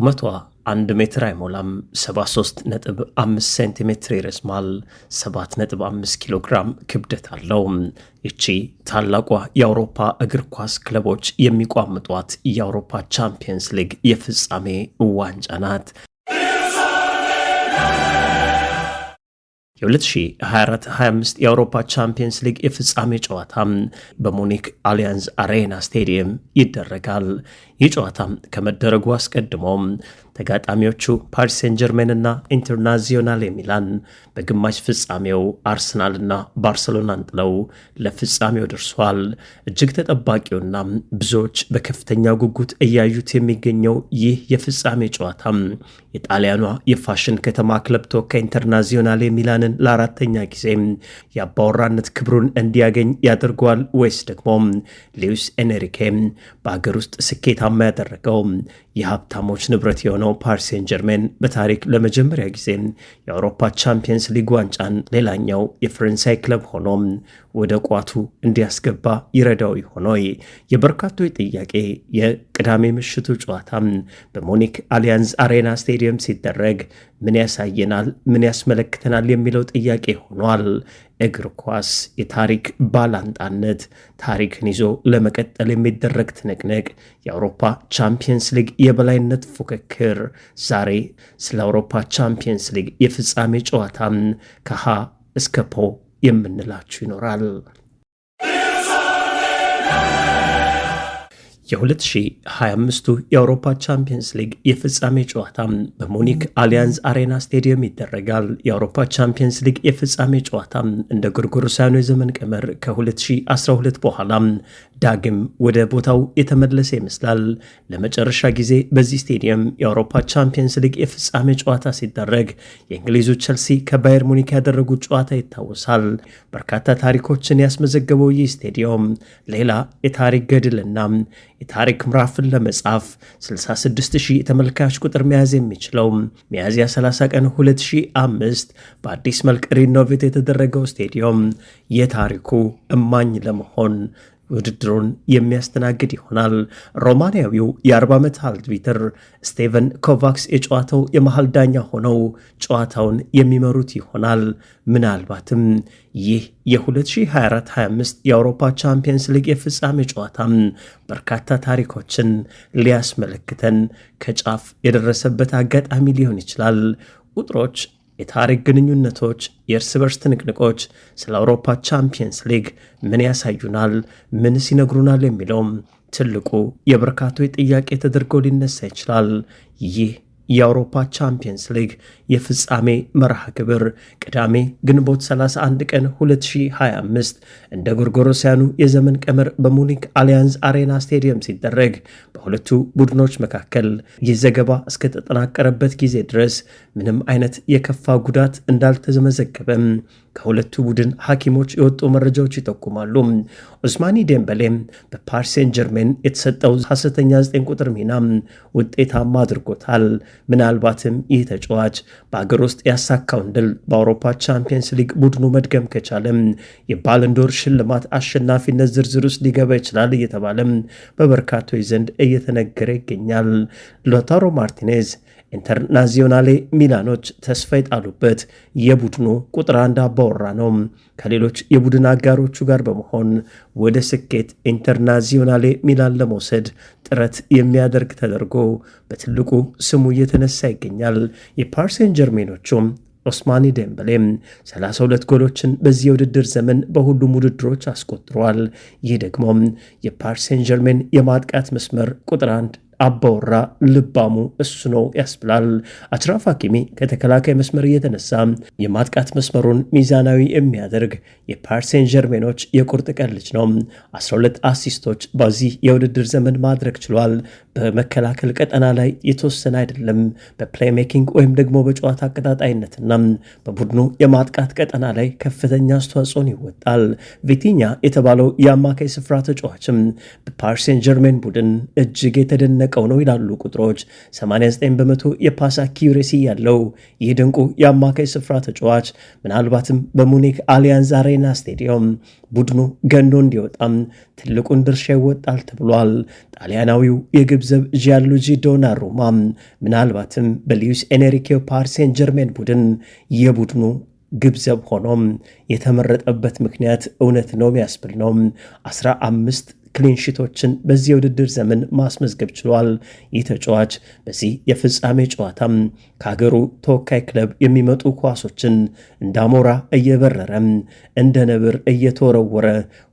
ቁመቷ አንድ ሜትር አይሞላም 73.5 ሴንቲሜትር ይረዝማል፣ 7.5 ኪሎ ግራም ክብደት አለው። ይቺ ታላቋ የአውሮፓ እግር ኳስ ክለቦች የሚቋምጧት የአውሮፓ ቻምፒየንስ ሊግ የፍጻሜ ዋንጫ ናት። የ2024-25 የአውሮፓ ቻምፒየንስ ሊግ የፍጻሜ ጨዋታ በሙኒክ አሊያንዝ አሬና ስቴዲየም ይደረጋል። ይህ ጨዋታ ከመደረጉ አስቀድሞም ተጋጣሚዎቹ ፓሪስ ሴን ጀርሜንና ኢንተርናዚዮናል ሚላን በግማሽ ፍጻሜው አርሰናልና ባርሰሎናን ጥለው ለፍጻሜው ደርሷል። እጅግ ተጠባቂውና ብዙዎች በከፍተኛ ጉጉት እያዩት የሚገኘው ይህ የፍጻሜ ጨዋታ የጣሊያኗ የፋሽን ከተማ ክለብ ተወካይ ኢንተርናዚዮናል ሚላንን ለአራተኛ ጊዜ የአባወራነት ክብሩን እንዲያገኝ ያደርገዋል ወይስ ደግሞ ሉዊስ ኤንሪኬ በሀገር ውስጥ ስኬታ ውጤታማ ያደረገው። የሀብታሞች ንብረት የሆነው ፓሪሴን ጀርሜን በታሪክ ለመጀመሪያ ጊዜ የአውሮፓ ቻምፒየንስ ሊግ ዋንጫን ሌላኛው የፈረንሳይ ክለብ ሆኖ ወደ ቋቱ እንዲያስገባ ይረዳው ይሆኖይ የበርካቶች ጥያቄ የቅዳሜ ምሽቱ ጨዋታ በሙኒክ አሊያንዝ አሬና ስቴዲየም ሲደረግ ምን ያሳየናል፣ ምን ያስመለክተናል የሚለው ጥያቄ ሆኗል። እግር ኳስ የታሪክ ባላንጣነት ታሪክን ይዞ ለመቀጠል የሚደረግ ትንቅንቅ፣ የአውሮፓ ቻምፒየንስ ሊግ የበላይነት ፉክክር። ዛሬ ስለ አውሮፓ ቻምፒየንስ ሊግ የፍጻሜ ጨዋታም ከሀ እስከ ፖ የምንላችሁ ይኖራል። የ 2025 የአውሮፓ ቻምፒየንስ ሊግ የፍጻሜ ጨዋታ በሙኒክ አሊያንዝ አሬና ስቴዲየም ይደረጋል። የአውሮፓ ቻምፒየንስ ሊግ የፍጻሜ ጨዋታ እንደ ጎርጎሮሳውያኑ የዘመን ቀመር ከ2012 በኋላ ዳግም ወደ ቦታው የተመለሰ ይመስላል። ለመጨረሻ ጊዜ በዚህ ስቴዲየም የአውሮፓ ቻምፒየንስ ሊግ የፍጻሜ ጨዋታ ሲደረግ የእንግሊዙ ቸልሲ ከባየር ሙኒክ ያደረጉት ጨዋታ ይታወሳል። በርካታ ታሪኮችን ያስመዘገበው ይህ ስቴዲየም ሌላ የታሪክ ገድልና የታሪክ ምዕራፍን ለመጻፍ 66000 ተመልካች ቁጥር መያዝ የሚችለው ሚያዝያ 30 ቀን 2005 በአዲስ መልክ ሪኖቬት የተደረገው ስቴዲየም የታሪኩ እማኝ ለመሆን ውድድሩን የሚያስተናግድ ይሆናል። ሮማንያዊው የ40 ዓመት አልትቪተር ስቴቨን ኮቫክስ የጨዋታው የመሃል ዳኛ ሆነው ጨዋታውን የሚመሩት ይሆናል። ምናልባትም ይህ የ2024-25 የአውሮፓ ቻምፒየንስ ሊግ የፍጻሜ ጨዋታም በርካታ ታሪኮችን ሊያስመለክተን ከጫፍ የደረሰበት አጋጣሚ ሊሆን ይችላል። ቁጥሮች የታሪክ ግንኙነቶች፣ የእርስ በርስ ትንቅንቆች፣ ስለ አውሮፓ ቻምፒየንስ ሊግ ምን ያሳዩናል? ምንስ ይነግሩናል? የሚለውም ትልቁ የበርካቶች ጥያቄ ተደርጎ ሊነሳ ይችላል። ይህ የአውሮፓ ቻምፒየንስ ሊግ የፍጻሜ መርሃ ግብር ቅዳሜ ግንቦት 31 ቀን 2025 እንደ ጎርጎሮሲያኑ የዘመን ቀመር በሙኒክ አሊያንዝ አሬና ስቴዲየም ሲደረግ በሁለቱ ቡድኖች መካከል ይህ ዘገባ እስከተጠናቀረበት ጊዜ ድረስ ምንም አይነት የከፋ ጉዳት እንዳልተዘመዘገበም ከሁለቱ ቡድን ሐኪሞች የወጡ መረጃዎች ይጠቁማሉ። ኦስማኒ ዴምበሌ በፓሪስ ሴን ጀርሜን የተሰጠው ሐሰተኛ 9 ቁጥር ሚና ውጤታማ አድርጎታል። ምናልባትም ይህ ተጫዋች በአገር ውስጥ ያሳካውን ድል በአውሮፓ ቻምፒየንስ ሊግ ቡድኑ መድገም ከቻለም የባለንዶር ሽልማት አሸናፊነት ዝርዝር ውስጥ ሊገባ ይችላል እየተባለ በበርካቶች ዘንድ እየተነገረ ይገኛል። ሎታሮ ማርቲኔዝ ኢንተርናዚዮናሌ ሚላኖች ተስፋ የጣሉበት የቡድኑ ቁጥር አንድ አባወራ ነው። ከሌሎች የቡድን አጋሮቹ ጋር በመሆን ወደ ስኬት ኢንተርናዚዮናሌ ሚላን ለመውሰድ ጥረት የሚያደርግ ተደርጎ በትልቁ ስሙ እየተነሳ ይገኛል። የፓርሴን ጀርሜኖቹም ኦስማኒ ዴምበሌም 32 ጎሎችን በዚህ የውድድር ዘመን በሁሉም ውድድሮች አስቆጥሯል። ይህ ደግሞ የፓሪስ ሴን ጀርሜን የማጥቃት መስመር ቁጥር አንድ አባወራ ልባሙ እሱ ነው ያስብላል። አሽራፍ ሐኪሚ ከተከላካይ መስመር እየተነሳ የማጥቃት መስመሩን ሚዛናዊ የሚያደርግ የፓርሴን ጀርሜኖች የቁርጥ ቀን ልጅ ነው። 12 አሲስቶች በዚህ የውድድር ዘመን ማድረግ ችሏል። በመከላከል ቀጠና ላይ የተወሰነ አይደለም። በፕሌይሜኪንግ ወይም ደግሞ በጨዋታ አቀጣጣይነትና በቡድኑ የማጥቃት ቀጠና ላይ ከፍተኛ አስተዋጽኦን ይወጣል። ቪቲኛ የተባለው የአማካይ ስፍራ ተጫዋችም በፓርሴን ጀርሜን ቡድን እጅግ የተደነ ያስደነቀው ነው ይላሉ ቁጥሮች። 89 በመቶ የፓስ አኪሬሲ ያለው ይህ ድንቁ የአማካይ ስፍራ ተጫዋች ምናልባትም በሙኒክ አሊያንዝ አሬና ስቴዲየም ቡድኑ ገኖ እንዲወጣም ትልቁን ድርሻ ይወጣል ተብሏል። ጣሊያናዊው የግብዘብ ጂያንሉጂ ዶናሩማ ምናልባትም በሊዩስ ኤንሪኬ ፓሪሴን ጀርሜን ቡድን የቡድኑ ግብዘብ ሆኖም የተመረጠበት ምክንያት እውነት ነው የሚያስብል ነው። 15 ክሊንሺቶችን በዚህ የውድድር ዘመን ማስመዝገብ ችሏል። ይህ ተጫዋች በዚህ የፍጻሜ ጨዋታም ከሀገሩ ተወካይ ክለብ የሚመጡ ኳሶችን እንደ አሞራ እየበረረ እንደ ነብር እየተወረወረ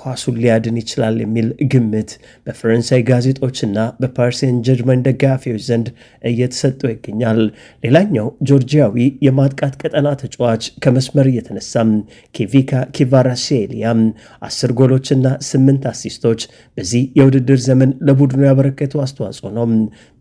ኳሱን ሊያድን ይችላል የሚል ግምት በፈረንሳይ ጋዜጦችና በፓሪሴን ጀርመን ደጋፊዎች ዘንድ እየተሰጠው ይገኛል። ሌላኛው ጆርጂያዊ የማጥቃት ቀጠና ተጫዋች ከመስመር እየተነሳም ኬቪካ ኪቫራሴሊያ አስር ጎሎችና ስምንት አሲስቶች በዚህ የውድድር ዘመን ለቡድኑ ያበረከተው አስተዋጽኦ ነው።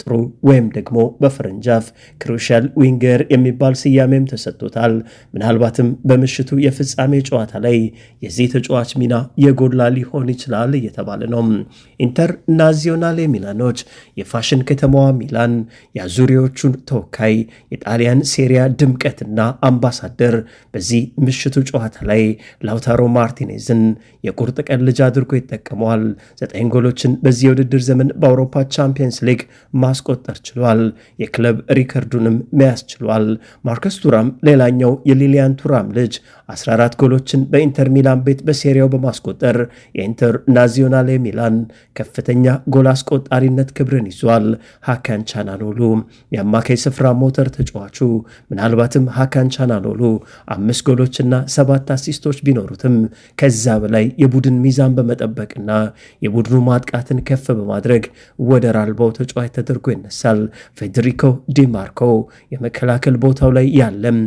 ጥሩ ወይም ደግሞ በፈረንጃፍ ክሩሻል ዊንገር የሚባል ስያሜም ተሰጥቶታል። ምናልባትም በምሽቱ የፍጻሜ ጨዋታ ላይ የዚህ ተጫዋች ሚና የጎላ ሊሆን ይችላል እየተባለ ነው። ኢንተርናዚዮናሌ ሚላኖች የፋሽን ከተማዋ ሚላን የአዙሪዎቹን ተወካይ የጣሊያን ሴሪያ ድምቀትና አምባሳደር በዚህ ምሽቱ ጨዋታ ላይ ላውታሮ ማርቲኔዝን የቁርጥ ቀን ልጅ አድርጎ ይጠቀመዋል። ዘጠኝ ጎሎችን በዚህ የውድድር ዘመን በአውሮፓ ቻምፒየንስ ሊግ ማስቆጠር ችሏል። የክለብ ሪከርዱንም መያዝ ችሏል። ማርከስ ቱራም ሌላኛው የሊሊያን ቱራም ልጅ 14 ጎሎችን በኢንተር ሚላን ቤት በሴሪያው በማስቆጠር የኢንተር ናዚዮናሌ ሚላን ከፍተኛ ጎል አስቆጣሪነት ክብርን ይዟል። ሀካን ቻናኖሉ የአማካይ ስፍራ ሞተር ተጫዋቹ ምናልባትም ሀካን ቻናኖሉ አምስት ጎሎችና ሰባት አሲስቶች ቢኖሩትም ከዛ በላይ የቡድን ሚዛን በመጠበቅና የቡድኑ ማጥቃትን ከፍ በማድረግ ወደር አልባው ተጫዋች ተደርጎ ይነሳል። ፌዴሪኮ ዲማርኮ የመከላከል ቦታው ላይ ያለም፣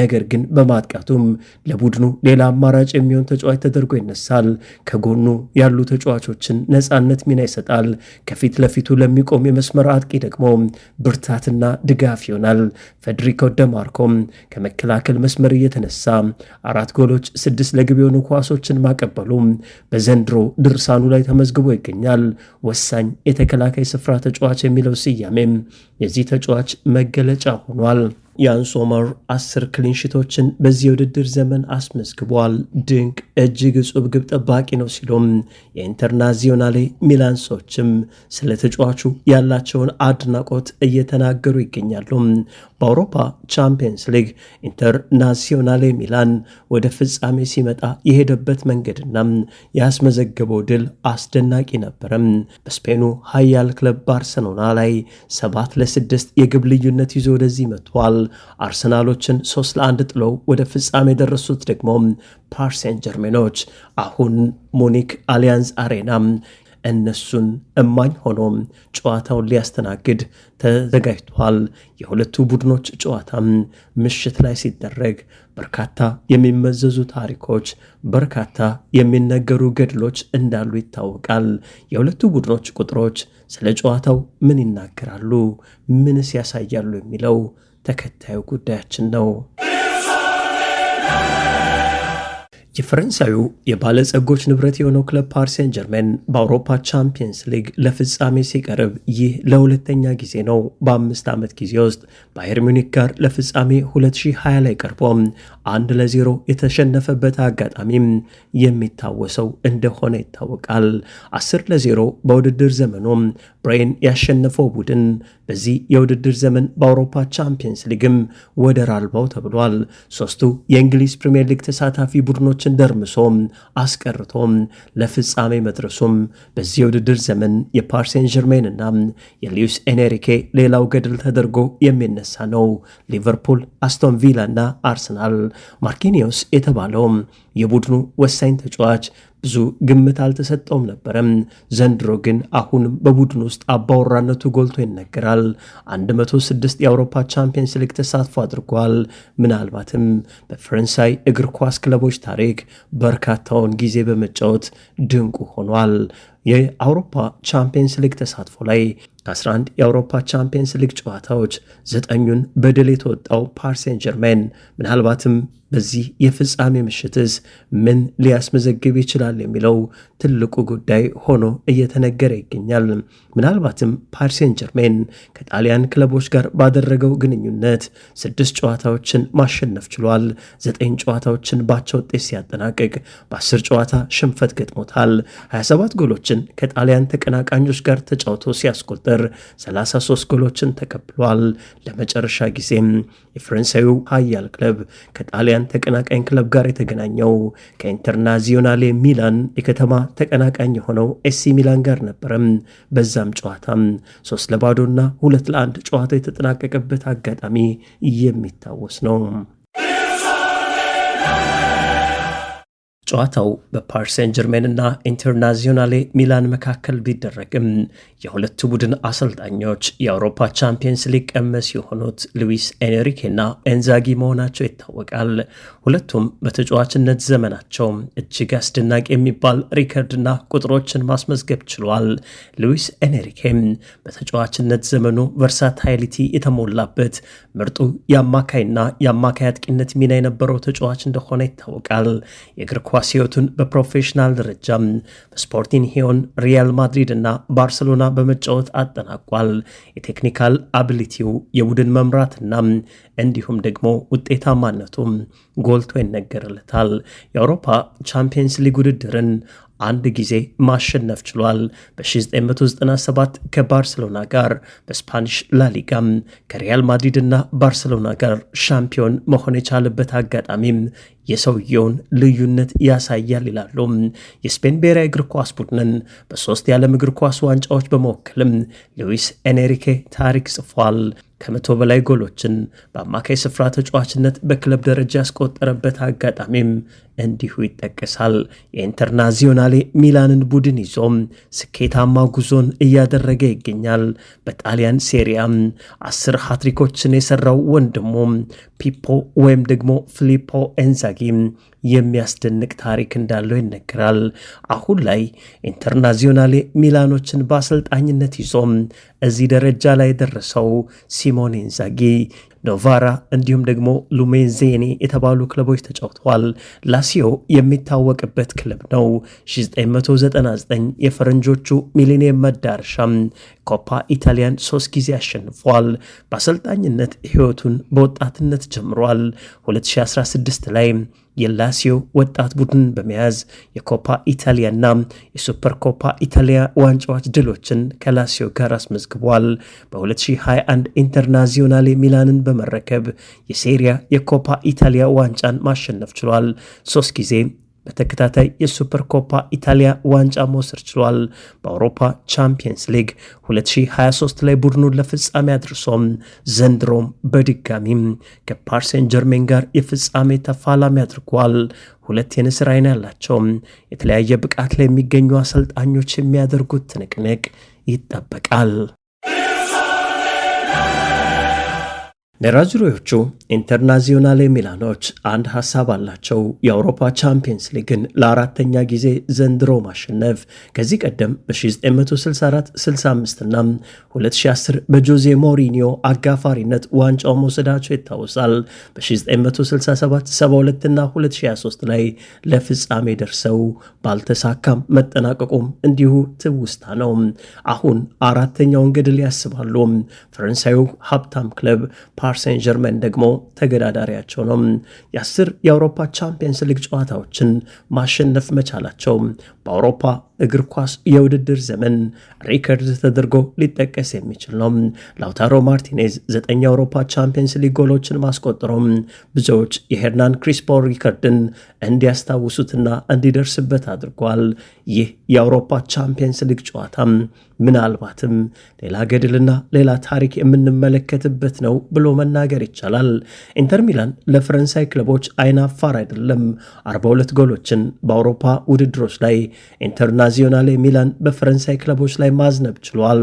ነገር ግን በማጥቃቱም ለቡድኑ ሌላ አማራጭ የሚሆን ተጫዋች ተደርጎ ይነሳል። ከጎኑ ያሉ ተጫዋቾችን ነፃነት ሚና ይሰጣል። ከፊት ለፊቱ ለሚቆም የመስመር አጥቂ ደግሞ ብርታትና ድጋፍ ይሆናል። ፌዴሪኮ ደማርኮም ከመከላከል መስመር እየተነሳ አራት ጎሎች፣ ስድስት ለግብ የሆኑ ኳሶችን ማቀበሉ በዘንድሮ ድርሳኑ ላይ ተመ ተመዝግቦ ይገኛል። ወሳኝ የተከላካይ ስፍራ ተጫዋች የሚለው ስያሜም የዚህ ተጫዋች መገለጫ ሆኗል። የአንሶመር አስር ክሊንሽቶችን በዚህ የውድድር ዘመን አስመዝግቧል። ድንቅ እጅግ እጹብ ግብ ጠባቂ ነው ሲሉም የኢንተርናዚዮናሌ ሚላን ሰዎችም ስለ ተጫዋቹ ያላቸውን አድናቆት እየተናገሩ ይገኛሉ። በአውሮፓ ቻምፒየንስ ሊግ ኢንተርናሲዮናሌ ሚላን ወደ ፍጻሜ ሲመጣ የሄደበት መንገድና ያስመዘገበው ድል አስደናቂ ነበረም። በስፔኑ ኃያል ክለብ ባርሰሎና ላይ ሰባት ለስድስት የግብ ልዩነት ይዞ ወደዚህ መጥቷል። አርሰናሎችን ሶስት ለአንድ ጥለው ወደ ፍጻሜ የደረሱት ደግሞ ፓርሴን ጀርሜኖች አሁን ሙኒክ አሊያንስ አሬና እነሱን እማኝ ሆኖ ጨዋታውን ሊያስተናግድ ተዘጋጅቷል። የሁለቱ ቡድኖች ጨዋታ ምሽት ላይ ሲደረግ በርካታ የሚመዘዙ ታሪኮች፣ በርካታ የሚነገሩ ገድሎች እንዳሉ ይታወቃል። የሁለቱ ቡድኖች ቁጥሮች ስለ ጨዋታው ምን ይናገራሉ? ምንስ ያሳያሉ? የሚለው ተከታዩ ጉዳያችን ነው። የፈረንሳዩ የባለጸጎች ንብረት የሆነው ክለብ ፓሪሴን ጀርሜን በአውሮፓ ቻምፒየንስ ሊግ ለፍጻሜ ሲቀርብ ይህ ለሁለተኛ ጊዜ ነው። በአምስት ዓመት ጊዜ ውስጥ ባየር ሚኒክ ጋር ለፍጻሜ 2020 ላይ ቀርቦም አንድ ለዜሮ የተሸነፈበት አጋጣሚም የሚታወሰው እንደሆነ ይታወቃል። አስር ለዜሮ በውድድር ዘመኑም ብሬን ያሸነፈው ቡድን በዚህ የውድድር ዘመን በአውሮፓ ቻምፒየንስ ሊግም ወደር አልባው ተብሏል። ሶስቱ የእንግሊዝ ፕሪምየር ሊግ ተሳታፊ ቡድኖች ጨዋታዎችን ደርምሶም አስቀርቶም ለፍጻሜ መድረሱም በዚህ ውድድር ዘመን የፓርሴን ጀርሜንና የሊዩስ ኤኔሪኬ ሌላው ገድል ተደርጎ የሚነሳ ነው። ሊቨርፑል፣ አስቶን ቪላ እና አርሰናል ማርኪኒዮስ የተባለው የቡድኑ ወሳኝ ተጫዋች ብዙ ግምት አልተሰጠውም ነበረም። ዘንድሮ ግን አሁን በቡድን ውስጥ አባወራነቱ ጎልቶ ይነገራል። 106 የአውሮፓ ቻምፒየንስ ሊግ ተሳትፎ አድርጓል። ምናልባትም በፈረንሳይ እግር ኳስ ክለቦች ታሪክ በርካታውን ጊዜ በመጫወት ድንቁ ሆኗል። የአውሮፓ ቻምፒየንስ ሊግ ተሳትፎ ላይ ከ11 የአውሮፓ ቻምፒየንስ ሊግ ጨዋታዎች ዘጠኙን በድል የተወጣው ፓርሴን ጀርሜን ምናልባትም በዚህ የፍጻሜ ምሽትስ ምን ሊያስመዘግብ ይችላል የሚለው ትልቁ ጉዳይ ሆኖ እየተነገረ ይገኛል። ምናልባትም ፓርሴን ጀርሜን ከጣሊያን ክለቦች ጋር ባደረገው ግንኙነት ስድስት ጨዋታዎችን ማሸነፍ ችሏል። ዘጠኝ ጨዋታዎችን ባቸው ውጤት ሲያጠናቅቅ በአስር ጨዋታ ሽንፈት ገጥሞታል። 27 ጎሎችን ግቦችን ከጣሊያን ተቀናቃኞች ጋር ተጫውቶ ሲያስቆጥር 33 ጎሎችን ተቀብሏል። ለመጨረሻ ጊዜም የፈረንሳዩ ኃያል ክለብ ከጣሊያን ተቀናቃኝ ክለብ ጋር የተገናኘው ከኢንተርናዚዮናሌ ሚላን የከተማ ተቀናቃኝ የሆነው ኤሲ ሚላን ጋር ነበረም። በዛም ጨዋታም ሶስት ለባዶና ሁለት ለአንድ ጨዋታ የተጠናቀቀበት አጋጣሚ የሚታወስ ነው። ጨዋታው ጀርሜን ጀርሜንና ኢንተርናዚዮናሌ ሚላን መካከል ቢደረግም የሁለቱ ቡድን አሰልጣኞች የአውሮፓ ቻምፒየንስ ሊግ ቀመስ የሆኑት ሉዊስ ኤንሪኬና ኤንዛጊ መሆናቸው ይታወቃል። ሁለቱም በተጫዋችነት ዘመናቸው እጅግ አስደናቂ የሚባል ሪከርድና ቁጥሮችን ማስመዝገብ ችሏል። ሉዊስ ኤንሪኬም በተጫዋችነት ዘመኑ ቨርሳታይሊቲ የተሞላበት ምርጡ የአማካይና የአማካይ አጥቂነት ሚና የነበረው ተጫዋች እንደሆነ ይታወቃል። የእግር የኳስ ሕይወቱን በፕሮፌሽናል ደረጃ በስፖርቲንጊዮን፣ ሪያል ማድሪድ እና ባርሰሎና በመጫወት አጠናቋል። የቴክኒካል አብሊቲው የቡድን መምራትና እንዲሁም ደግሞ ውጤታማነቱ ጎልቶ ይነገርለታል። የአውሮፓ ቻምፒየንስ ሊግ ውድድርን አንድ ጊዜ ማሸነፍ ችሏል። በ1997 ከባርሴሎና ጋር በስፓኒሽ ላሊጋም ከሪያል ማድሪድ እና ባርሰሎና ጋር ሻምፒዮን መሆን የቻለበት አጋጣሚም የሰውየውን ልዩነት ያሳያል ይላሉ። የስፔን ብሔራዊ እግር ኳስ ቡድንን በሶስት የዓለም እግር ኳስ ዋንጫዎች በመወከልም ሉዊስ ኤንሪኬ ታሪክ ጽፏል። ከመቶ በላይ ጎሎችን በአማካይ ስፍራ ተጫዋችነት በክለብ ደረጃ ያስቆጠረበት አጋጣሚም እንዲሁ ይጠቀሳል። የኢንተርናዚዮናሌ ሚላንን ቡድን ይዞም ስኬታማ ጉዞን እያደረገ ይገኛል። በጣሊያን ሴሪያም አስር ሃትሪኮችን የሰራው ወንድሙ ፒፖ ወይም ደግሞ ፊሊፖ ኤንዛ አስደናቂም የሚያስደንቅ ታሪክ እንዳለው ይነገራል። አሁን ላይ ኢንተርናዚዮናሌ ሚላኖችን በአሰልጣኝነት ይዞም እዚህ ደረጃ ላይ የደረሰው ሲሞኔ ኢንዛጊ ኖቫራ እንዲሁም ደግሞ ሉሜንዜኔ የተባሉ ክለቦች ተጫውተዋል። ላሲዮ የሚታወቅበት ክለብ ነው። 1999 የፈረንጆቹ ሚሊኒየም መዳረሻም ኮፓ ኢታሊያን ሶስት ጊዜ አሸንፏል። በአሰልጣኝነት ህይወቱን በወጣትነት ጀምሯል። 2016 ላይ የላሲዮ ወጣት ቡድን በመያዝ የኮፓ ኢታሊያና የሱፐር ኮፓ ኢታሊያ ዋንጫዎች ድሎችን ከላሲዮ ጋር አስመዝግቧል። በ2021 ኢንተርናዚዮናሌ ሚላንን በመረከብ የሴሪያ የኮፓ ኢታሊያ ዋንጫን ማሸነፍ ችሏል። ሶስት ጊዜ በተከታታይ የሱፐር ኮፓ ኢታሊያ ዋንጫ መውሰድ ችሏል። በአውሮፓ ቻምፒየንስ ሊግ 2023 ላይ ቡድኑን ለፍጻሜ አድርሶም ዘንድሮም በድጋሚም ከፓርሴን ጀርሜን ጋር የፍጻሜ ተፋላሚ አድርጓል። ሁለት የንስር አይን ያላቸው የተለያየ ብቃት ላይ የሚገኙ አሰልጣኞች የሚያደርጉት ትንቅንቅ ይጠበቃል። ኔራዙሪዎቹ ኢንተርናዚዮናሌ ሚላኖች አንድ ሀሳብ አላቸው። የአውሮፓ ቻምፒየንስ ሊግን ለአራተኛ ጊዜ ዘንድሮ ማሸነፍ። ከዚህ ቀደም በ1964 65ና 2010 በጆዜ ሞሪኒዮ አጋፋሪነት ዋንጫው መውሰዳቸው ይታወሳል። በ1967 72ና 2023 ላይ ለፍጻሜ ደርሰው ባልተሳካም መጠናቀቁም እንዲሁ ትውስታ ነው። አሁን አራተኛውን ገድል ያስባሉ። ፈረንሳዩ ሀብታም ክለብ ፓርሴን ጀርመን ደግሞ ተገዳዳሪያቸው ነው። የአስር የአውሮፓ ቻምፒየንስ ሊግ ጨዋታዎችን ማሸነፍ መቻላቸው በአውሮፓ እግር ኳስ የውድድር ዘመን ሪከርድ ተደርጎ ሊጠቀስ የሚችል ነው። ላውታሮ ማርቲኔዝ ዘጠኝ የአውሮፓ ቻምፒየንስ ሊግ ጎሎችን ማስቆጠሮም ብዙዎች የሄርናን ክሪስፖ ሪከርድን እንዲያስታውሱትና እንዲደርስበት አድርጓል። ይህ የአውሮፓ ቻምፒየንስ ሊግ ጨዋታም ምናልባትም ሌላ ገድልና ሌላ ታሪክ የምንመለከትበት ነው ብሎ መናገር ይቻላል። ኢንተር ሚላን ለፈረንሳይ ክለቦች አይናፋር አይደለም። 42 ጎሎችን በአውሮፓ ውድድሮች ላይ ኢንተርናዚዮናሌ ሚላን በፈረንሳይ ክለቦች ላይ ማዝነብ ችሏል።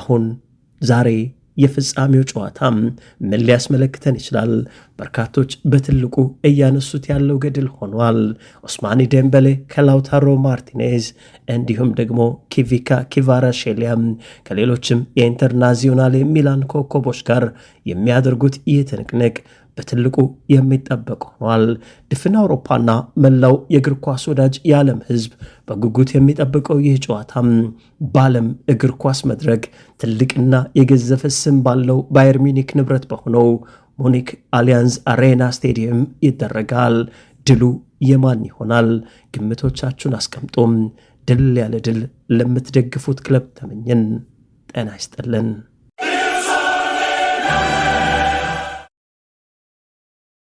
አሁን ዛሬ የፍጻሜው ጨዋታ ምን ሊያስመለክተን ይችላል? በርካቶች በትልቁ እያነሱት ያለው ገድል ሆኗል። ኦስማኒ ደምበሌ ከላውታሮ ማርቲኔዝ እንዲሁም ደግሞ ኪቪካ ኪቫራ ሼሊያ ከሌሎችም የኢንተርናዚዮናል ሚላን ኮከቦች ጋር የሚያደርጉት ይህ ትንቅንቅ በትልቁ የሚጠበቅ ሆኗል። ድፍን አውሮፓና መላው የእግር ኳስ ወዳጅ የዓለም ሕዝብ በጉጉት የሚጠብቀው ይህ ጨዋታም በዓለም እግር ኳስ መድረክ ትልቅና የገዘፈ ስም ባለው ባየር ሚኒክ ንብረት በሆነው ሙኒክ አሊያንዝ አሬና ስቴዲየም ይደረጋል። ድሉ የማን ይሆናል? ግምቶቻችሁን አስቀምጦም ድል ያለ ድል ለምትደግፉት ክለብ ተመኘን። ጤና ይስጥልን።